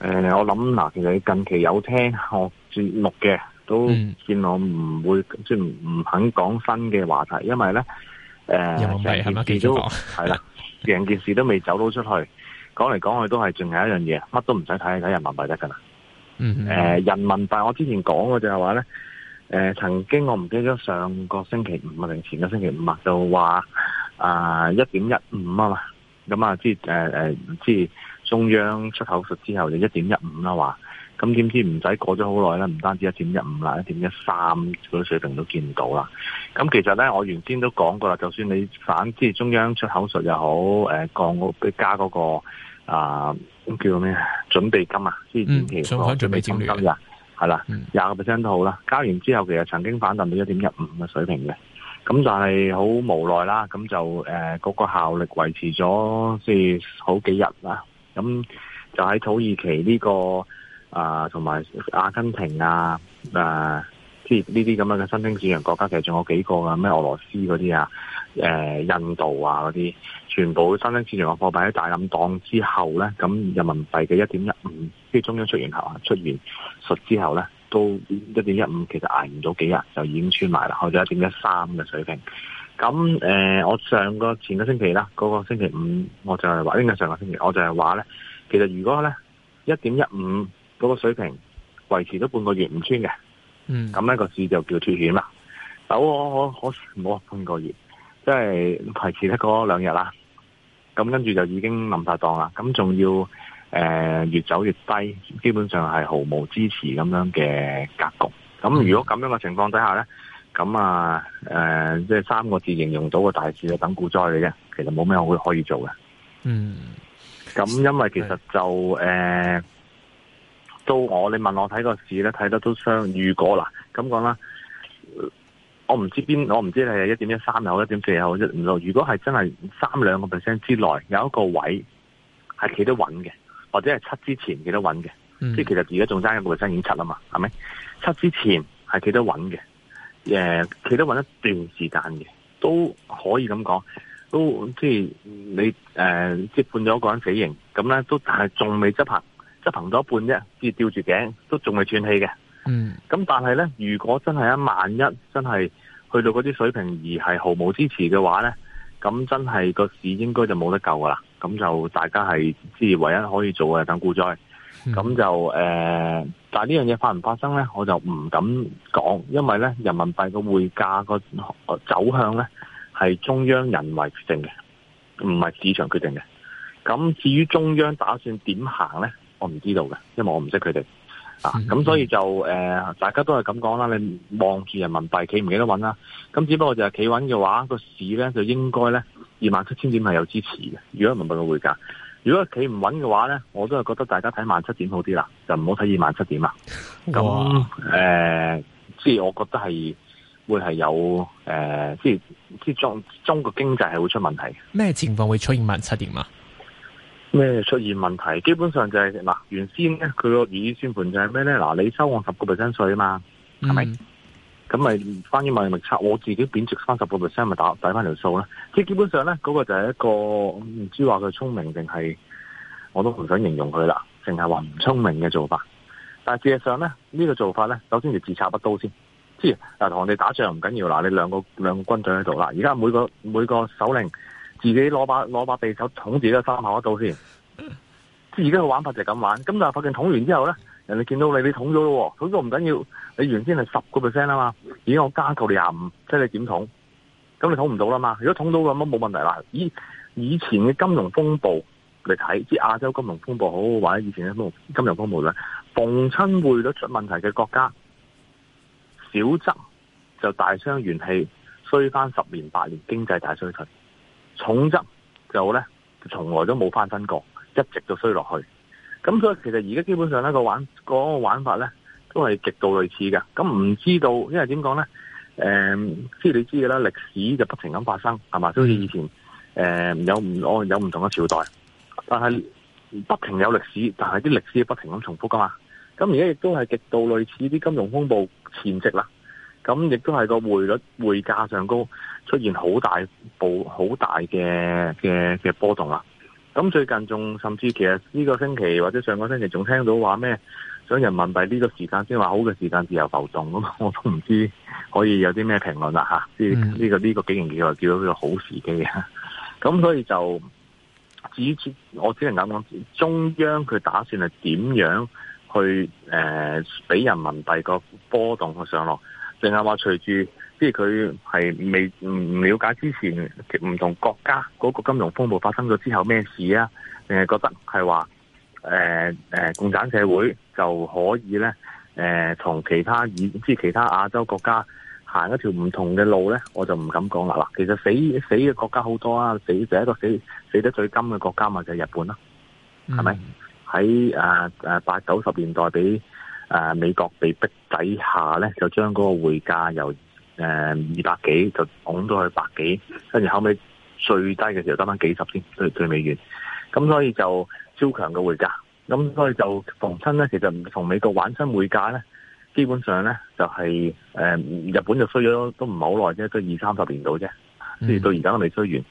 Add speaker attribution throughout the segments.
Speaker 1: 誒，我諗嗱，其實你近期有聽我節目嘅，都見我唔會即係唔肯講新嘅話題，因為咧誒，成件事都係啦，成件事都未走到出去，講嚟講去都係仲係一樣嘢，乜都唔使睇睇人民幣得噶啦。嗯，
Speaker 2: 誒，
Speaker 1: 人民幣我之前講嘅就係話咧，誒，曾經我唔記得上個星期五啊定前個星期五啊，就話啊一點一五啊嘛，咁啊，即係誒誒，唔知。中央出口術之後就一點一五啦話，咁點知唔使過咗好耐啦，唔單止一點一五啦，一點一三嗰啲水平都見到啦。咁其實咧，我原先都講過啦，就算你反即係中央出口術又好，誒、呃、降加嗰、那個啊、呃、叫咩準備金啊，即短期嗰個準備金啊，係、嗯、啦，廿個 percent 都好啦，加完之後其實曾經反彈到一點一五嘅水平嘅，咁但係好無奈啦，咁就誒嗰、呃那個效力維持咗即係好幾日啦。咁、嗯、就喺土耳其呢、這個啊，同埋阿根廷啊，誒、呃，即呢啲咁樣嘅新興市場國家，其實仲有幾個啊咩俄羅斯嗰啲啊、呃，印度啊嗰啲，全部新興市場嘅貨幣喺大冧檔之後呢，咁、嗯、人民幣嘅一點一五，即中央出現後啊，出完口術之後呢，都一點一五其實捱唔到幾日，就已經穿埋啦，去咗一點一三嘅水平。咁誒、呃，我上個前個星期啦，嗰、那個星期五，我就係話，應該上個星期，我就係話咧，其實如果咧一點一五嗰個水平維持咗半個月唔穿嘅，嗯，咁、那、呢個市就叫脫險啦，走、so, 我可可好冇半個月，即係維持得嗰兩日啦，咁跟住就已經冧晒檔啦，咁仲要誒、呃、越走越低，基本上係毫無支持咁樣嘅格局，咁如果咁樣嘅情況底下咧。嗯嗯咁啊，誒、呃，即係三個字形容到個大市嘅等股災嚟嘅，其實冇咩會可以做嘅。嗯，咁因為其實就誒、呃，到我你問我睇個市咧，睇得都相預果啦。咁講啦，我唔知邊，我唔知你係一點一三又好，一點四又好，一唔到。如果係真係三兩個 percent 之內有一個位係企得穩嘅，或者係七之前企得穩嘅，即、嗯、係其實而家仲爭一個 percent 點七啊嘛，係咪？七之前係企得穩嘅。誒、呃，企得穩一段時間嘅，都可以咁講，都即係你誒，即係、呃、判咗一個人死刑，咁咧都但係仲未執行，執行咗一半啫，即係吊住頸都仲未喘氣嘅。嗯，咁但係咧，如果真係一萬一真係去到嗰啲水平而係毫無支持嘅話咧，咁真係個市應該就冇得救噶啦，咁就大家係即係唯一可以做嘅等股災。咁、嗯、就誒、呃，但係呢樣嘢發唔發生呢？我就唔敢講，因為呢人民幣個匯價個走向呢，係中央人為決定嘅，唔係市場決定嘅。咁至於中央打算點行呢？我唔知道嘅，因為我唔識佢哋啊。咁、嗯、所以就誒、呃，大家都係咁講啦。你望住人民幣企唔企得穩啦。咁只不過就係企穩嘅話，個市呢就應該呢，二萬七千點係有支持嘅，如果人民幣嘅匯價。如果企唔穩嘅話咧，我都係覺得大家睇萬七點好啲啦，就唔好睇二萬七點啦。咁誒，即係、呃、我覺得係會係有誒，即係即係中中國經濟係會出問題。
Speaker 2: 咩情況會出現萬七點啊？
Speaker 1: 咩出現問題？基本上就係、是、嗱，原先咧佢個預算盤就係咩咧？嗱，你收我十個 percent 稅啊嘛，係、嗯、咪？咁咪關於貿易密測，我自己貶值三十個 percent 咪打抵翻條數啦。即係基本上咧，嗰個就係一個唔知話佢聰明定係，我都唔想形容佢啦。淨係話唔聰明嘅做法。但係事實上咧，呢個做法咧，首先就自插一刀先。即係嗱，同我哋打仗唔緊要啦，你兩個兩個軍隊喺度啦。而家每個每個首領自己攞把攞把匕首捅自己嘅三下一刀先。即而家佢玩法就係咁玩。咁但係，反正捅完之後咧，人哋見到你你捅咗咯喎，捅咗唔緊要。你原先係十個 percent 啊嘛，而家我加到你廿五，即係你點捅？咁你捅唔到啦嘛？如果捅到咁，冇問題啦。以以前嘅金融風暴嚟睇，啲亞洲金融風暴好或者以前嘅金融金風暴咧，逢親匯率出問題嘅國家，小則就大傷元氣，衰翻十年八年經濟大衰退；重則就咧從來都冇翻身過，一直就衰落去。咁所以其實而家基本上咧，嗰個玩，嗰個玩法咧，都係極度類似嘅，咁唔知道，因為點講呢？即、呃、知你知嘅啦，歷史就不停咁發生，係嘛？好似以前誒、呃、有唔按有唔同嘅朝代，但係不停有歷史，但係啲歷史不停咁重複噶嘛。咁而家亦都係極度類似啲金融風暴前夕啦。咁亦都係個匯率匯價上高出現好大波好大嘅嘅嘅波動啦。咁最近仲甚至其實呢個星期或者上個星期仲聽到話咩？所以人民幣呢個時間先話好嘅時間自由浮動，咁我都唔知可以有啲咩評論啦嚇。即係呢個呢、呢個幾年叫到呢個好時機啊。咁所以就至於我只能講講中央佢打算係點樣去誒俾、呃、人民幣個波動去上落，定係話隨住即係佢係未唔了解之前唔同國家嗰個金融風暴發生咗之後咩事啊？定係覺得係話？誒、呃、誒，共產社會就可以咧，誒、呃、同其他以即係其他亞洲國家行一條唔同嘅路咧，我就唔敢講啦。其實死死嘅國家好多啊，死就一個死死得最金嘅國家咪就係日本咯、啊，係、嗯、咪？喺啊啊八九十年代俾啊、呃、美國被逼底下咧，就將嗰個匯價由誒、呃、二百幾就拱咗去百幾，跟住後尾最，最低嘅時候得返幾十先對對美元，咁所以就。超強嘅匯價，咁所以就逢親咧，其實唔同美國玩親匯價咧，基本上咧就係、是呃、日本就衰咗都唔係好耐啫，都二三十年度啫，至到而家都未衰完。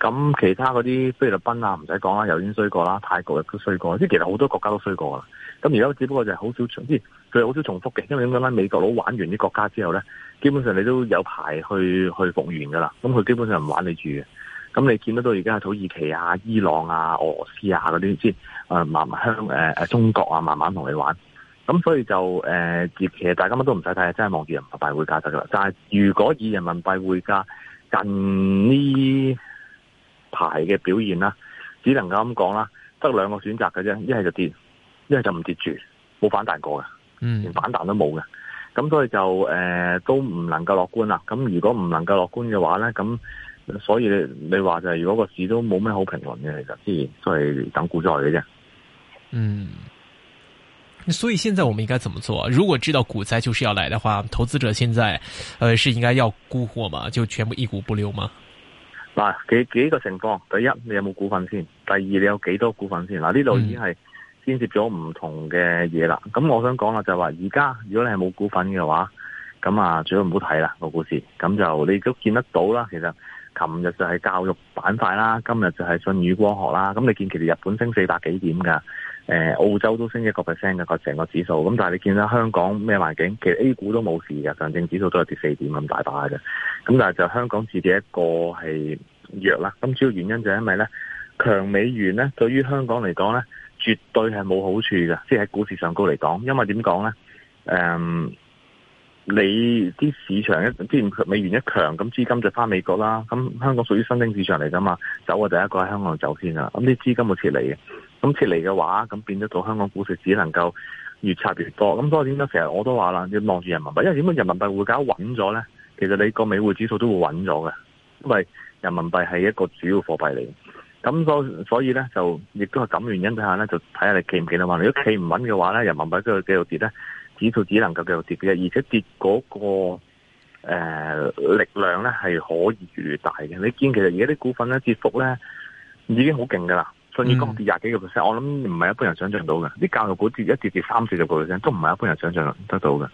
Speaker 1: 咁、嗯、其他嗰啲菲律賓啊，唔使講啦，又已經衰過啦，泰國亦都衰過，即係其實好多國家都衰過啦。咁而家只不過就好少重，即係佢好少重複嘅，因為點講咧？美國佬玩完啲國家之後咧，基本上你都有排去去復原噶啦，咁佢基本上唔玩你住嘅。咁你見得到而家係土耳其啊、伊朗啊、俄羅斯啊嗰啲先，慢慢向、呃，中國啊慢慢同你玩，咁所以就誒、呃、其實大家乜都唔使睇，真係望住人民幣匯價就得啦。但係如果以人民幣匯價近呢排嘅表現啦，只能夠咁講啦，得兩個選擇嘅啫，一係就跌，一係就唔跌住，冇反彈過嘅，連反彈都冇嘅。咁所以就誒、呃、都唔能夠樂觀啦。咁如果唔能夠樂觀嘅話咧，咁。所以你你話就係如果個市都冇咩好評論嘅，其實自然都係等股災嘅啫。嗯，
Speaker 2: 所以現在我們應該怎麼做？如果知道股災就是要來的話，投資者現在，誒、呃，是應該要沽貨嗎？就全部一股不留嗎？
Speaker 1: 嗱，幾幾個情況，第一你有冇股份先？第二你有幾多股份先？嗱，呢度已經係牽涉咗唔同嘅嘢啦。咁、嗯、我想講啦，就係話而家如果你係冇股份嘅話，咁啊最好唔好睇啦個股市。咁就你都見得到啦，其實。琴日就係教育板塊啦，今日就係信宇光學啦。咁你見其實日本升四百幾點噶，誒澳洲都升一個 percent 嘅個成個指數。咁但係你見到香港咩環境，其實 A 股都冇事㗎，上證指數都係跌四點咁大把嘅。咁但係就香港自己一個係弱啦。咁主要原因就係因為咧，強美元咧對於香港嚟講咧，絕對係冇好處嘅。即係喺股市上高嚟講，因為點講咧？Um, 你啲市場一啲美元一強，咁資金就翻美國啦。咁香港屬於新興市場嚟㗎嘛，走嘅第一個係香港走先啦。咁啲資金會撤離嘅，咁撤離嘅話，咁變咗到香港股市只能夠越拆越多。咁所以點解成日我都話啦，要望住人民幣，因為點解人民幣會搞穩咗咧？其實你個美匯指數都會穩咗嘅，因為人民幣係一個主要貨幣嚟。咁所所以咧，就亦都係咁嘅原因底下咧，就睇下你企唔企得穩。如果企唔穩嘅話咧，人民幣都會繼續跌咧。指數只能夠繼續跌嘅，而且跌嗰、那個、呃、力量咧係可以越大嘅。你見其實而家啲股份咧跌幅咧已經好勁噶啦，信義光跌廿幾個 percent，我諗唔係一般人想象到嘅。啲教育股跌一跌跌三四十個 percent 都唔係一般人想象得到嘅。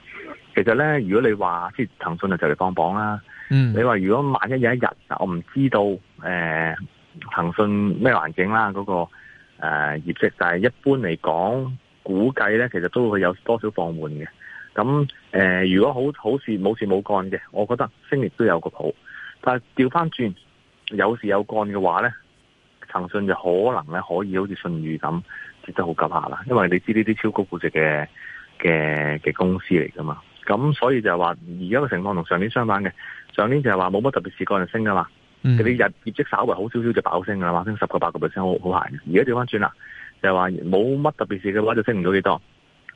Speaker 1: 其實咧，如果你話即係騰訊就嚟放榜啦，嗯，你話如果萬一有一日，我唔知道誒騰訊咩環境啦，嗰、那個誒、呃、業績，但係一般嚟講。估計咧，其實都會有多少放緩嘅。咁、嗯呃、如果好好事冇事冇幹嘅，我覺得升亦都有個譜。但係調翻轉，有事有幹嘅話咧，騰訊就可能咧可以好似信譽咁跌得好急下啦。因為你知呢啲超高估值嘅嘅嘅公司嚟噶嘛。咁所以就係話，而家嘅情況同上年相反嘅。上年就係話冇乜特別事幹就升噶啦。啲、嗯、日業績稍微好少少就爆升噶啦，升十個八個 percent 好好閒嘅。而家調翻轉啦。就話冇乜特別事嘅話就升唔到幾多，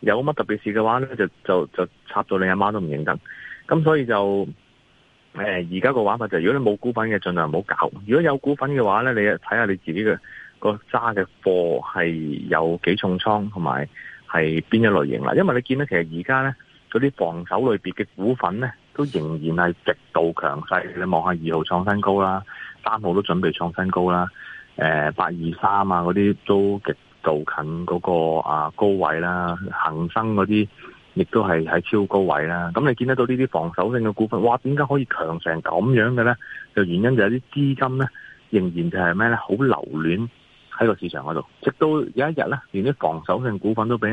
Speaker 1: 有乜特別事嘅話咧就就就插到你阿媽都唔認得，咁所以就誒而家個玩法就係如果你冇股份嘅，盡量唔好搞，如果有股份嘅話咧你睇下你自己嘅個揸嘅貨係有幾重倉同埋係邊一類型啦，因為你見到其實而家咧嗰啲防守類別嘅股份咧都仍然係極度強勢，你望下二號創新高啦，三號都準備創新高啦，誒八二三啊嗰啲都極。就近嗰個啊高位啦，恒生嗰啲亦都係喺超高位啦。咁你見得到呢啲防守性嘅股份，哇！點解可以強成咁樣嘅咧？就原因就係啲資金咧，仍然就係咩咧，好留戀喺個市場嗰度。直到有一日咧，連啲防守性股份都俾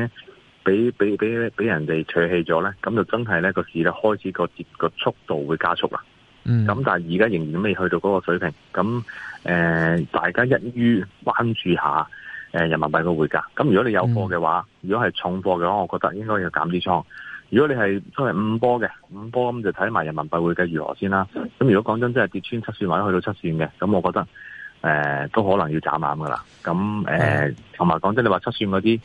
Speaker 1: 俾俾俾俾人哋唾棄咗咧，咁就真係咧個市呢，開始個跌個速度會加速啦。嗯。
Speaker 2: 咁但
Speaker 1: 係而家仍然都未去到嗰個水平。咁誒、呃，大家一於關注下。誒，人民幣嘅匯價，咁如果你有貨嘅話、嗯，如果係重貨嘅話，我覺得應該要減啲倉。如果你係都係五波嘅，五波咁就睇埋人民幣匯價如何先啦。咁如果講真，真係跌穿七算或者去到七算嘅，咁我覺得誒、呃、都可能要斬眼噶啦。咁誒同埋講真，你話七算嗰啲，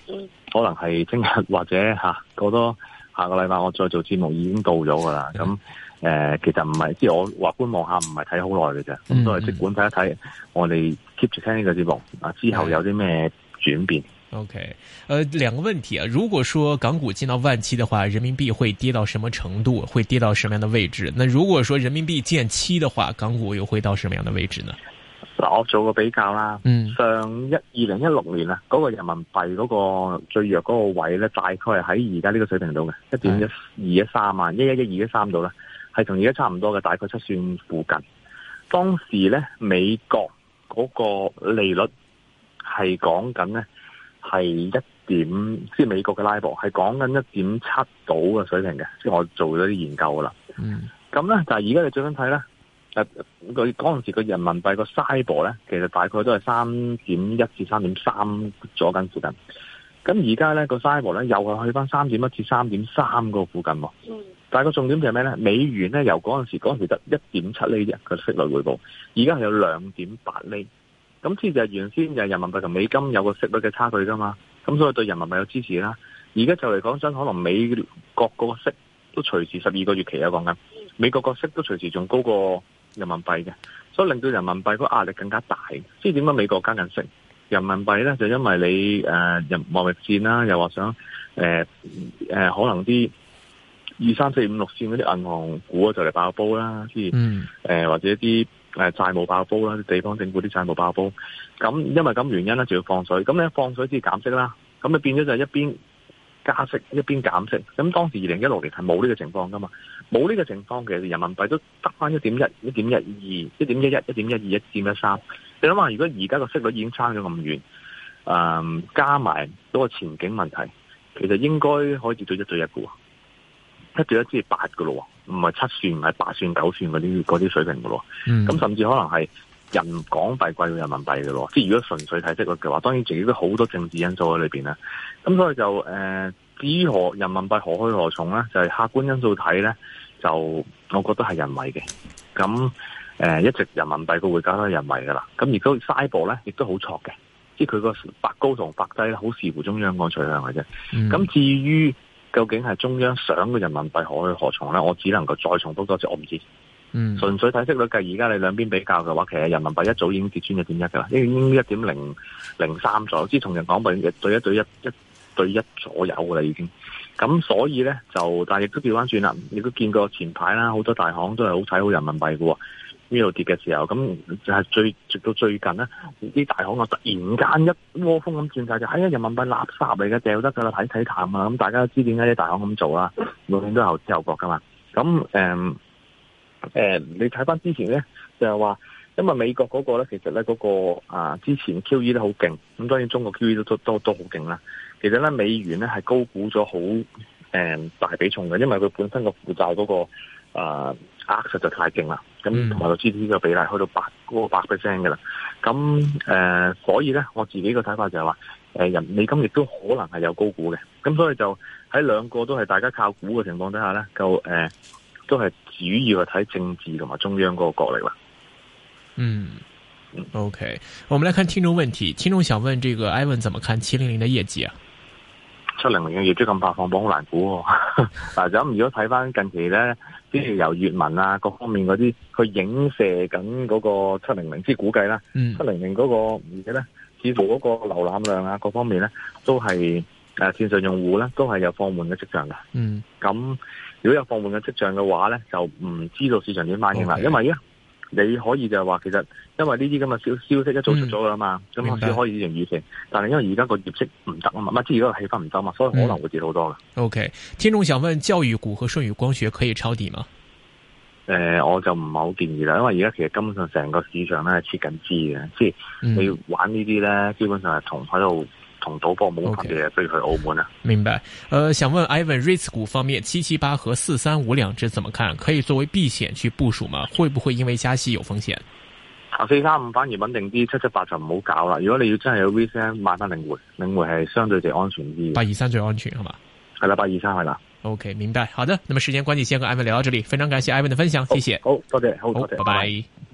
Speaker 1: 可能係聽日或者吓過多下個禮拜，我再做節目已經到咗噶啦。咁、嗯。誒、呃，其實唔係，即係我話觀望下，唔係睇好耐嘅啫，咁都係即管睇一睇。我哋 keep 住聽呢個節目，啊之後有啲咩轉變。
Speaker 2: OK，誒、呃，兩個問題啊，如果說港股見到萬七嘅話，人民幣會跌到什麼程度？會跌到什麼樣嘅位置？那如果說人民幣見七嘅話，港股又會到什麼樣嘅位置呢？
Speaker 1: 嗱，我做個比較啦，嗯，上一二零一六年啊，嗰、那個人民幣嗰個最弱嗰個位咧，大概係喺而家呢個水平度嘅一點一二一三萬，一一一二一三度啦。1. 1. 1. 1. 1. 係同而家差唔多嘅，大概七算附近。當時咧，美國嗰個利率係講緊咧係一點，即係美國嘅 LIBOR 係講緊一點七度嘅水平嘅。即係我做咗啲研究啦。嗯。咁咧，但係而家你最緊睇咧，佢嗰陣時個人民幣個 SHIBOR 咧，其實大概都係三點一至三點三左近附近。咁而家咧個 SHIBOR 咧又係去翻三點一至三點三個附近喎。嗯但係個重點就係咩咧？美元咧由嗰陣時嗰陣時得一點七厘嘅息率回報，而家係有兩點八厘。咁即就係原先就人民幣同美金有個息率嘅差距㗎嘛。咁所以對人民幣有支持啦。而家就嚟講真，可能美國個息都隨時十二個月期啊講緊。美國個息都隨時仲高過人民幣嘅，所以令到人民幣個壓力更加大。即係點解美國加緊息？人民幣咧就因為你誒人貿易戰啦，又話想、呃呃、可能啲。二三四五六線嗰啲銀行股啊，就嚟爆煲啦，啲、
Speaker 2: 嗯、
Speaker 1: 誒、呃、或者一啲誒債務爆煲啦，地方政府啲債務爆煲。咁因為咁原因咧，就要放水。咁咧放水即係減息啦。咁咪變咗就係一邊加息一邊減息。咁當時二零一六年係冇呢個情況噶嘛，冇呢個情況其實人民幣都得翻一點一、一點一二、一點一一、一點一二、一點一三。你諗下，如果而家個息率已經差咗咁遠，誒、嗯、加埋嗰個前景問題，其實應該可以跌到一對一嘅七至一即八噶咯，唔係七算，唔係八算九算嗰啲啲水平噶咯。咁、嗯、甚至可能係人港幣貴過人民幣㗎咯。即係如果純粹睇息率嘅話，當然自己都好多政治因素喺裏邊啦。咁所以就誒、呃，至於何人民幣何去何從咧，就係、是、客觀因素睇咧，就我覺得係人為嘅。咁誒、呃，一直人民幣個匯價都係人為噶啦。咁而家嘥步咧，亦都好錯嘅。即係佢個白高同白低咧，好視乎中央個取向嘅啫。咁、嗯、至於。究竟係中央想嘅人民幣何去何從呢？我只能夠再重複多次。我唔知。嗯，純粹睇息率計，而家你兩邊比較嘅話，其實人民幣一早已經跌穿一點一噶啦，已經一點零零三左右，即係同人講咪對一對一，一對一左右噶啦已經。咁所以呢，就，但係亦都調翻轉啦。你都見過前排啦，好多大行都係好睇好人民幣喎。呢度跌嘅時候，咁就係最直到最近呢啲大行我突然間一窩蜂咁轉晒就，哎呀，人民幣垃圾嚟嘅，掉得噶啦，睇睇淡啊！咁大家都知點解啲大行咁做啦？永遠都後知後覺噶嘛。咁誒誒，你睇翻之前呢，就係、是、話，因為美國嗰個呢，其實呢、那、嗰個啊之前 QE 都好勁，咁當然中國 QE 都都都都好勁啦。其實呢，美元呢係高估咗好誒大比重嘅，因為佢本身的負、那個負債嗰個啊壓實在太勁啦。咁同埋個 GDP 嘅比例去到八嗰個百 percent 嘅啦，咁、呃、誒，所以咧我自己個睇法就係、是、話，誒、呃、人美金亦都可能係有高估嘅，咁所以就喺兩個都係大家靠估嘅情況底下咧，就誒、呃、都係主要係睇政治同埋中央嗰個角力啦。嗯
Speaker 2: ，OK，我們來看聽眾問題，聽眾想問這個 Ivan 怎麼看七零零的業績啊？
Speaker 1: 七零零嘅業績咁發放榜好難估，嗱咁如果睇翻近期咧。即係由粵文啊，各方面嗰啲去影射緊嗰個七零零之估計啦，七零零嗰個，而且咧，似乎嗰個瀏覽量啊，各方面咧，都係誒、啊、線上用戶咧，都係有放緩嘅跡象嘅。嗯，咁如果有放緩嘅跡象嘅話咧，就唔知道市場點反應啦，okay. 因為而家你可以就係話，其實因為呢啲咁嘅消消息一早出咗啦嘛，咁、嗯、開可以始迎雨線，但係因為而家個業績唔得啊嘛，唔即係而家個氣氛唔得嘛，所以可能會跌好多嘅、
Speaker 2: 嗯。OK，聽眾想問教育股和舜宇光學可以抄底嗎？
Speaker 1: 誒、呃，我就唔係好建議啦，因為而家其實根本上成個市場咧係切緊資嘅，即係你玩這些呢啲咧，基本上係同喺度。從賭波冇賠嘅，飛、okay. 去澳門
Speaker 2: 啊！明白，呃，想問 Ivan，REITs 股方面七七八和四三五兩隻怎麼看？可以作為避險去部署嗎？會不會因為加息有風險？
Speaker 1: 啊，四三五反而穩定啲，七七八就唔好搞啦。如果你要真係有 REITs，買返領展，領展係相對就安全啲。
Speaker 2: 八二三最安全，好嗎？
Speaker 1: 係啦，八二三係啦。
Speaker 2: OK，明白。好的，那麼時間關係，先和 Ivan 聊到這裏，非常感謝 Ivan 的分享，謝謝。好，好多謝，好，好多謝，拜拜。拜拜。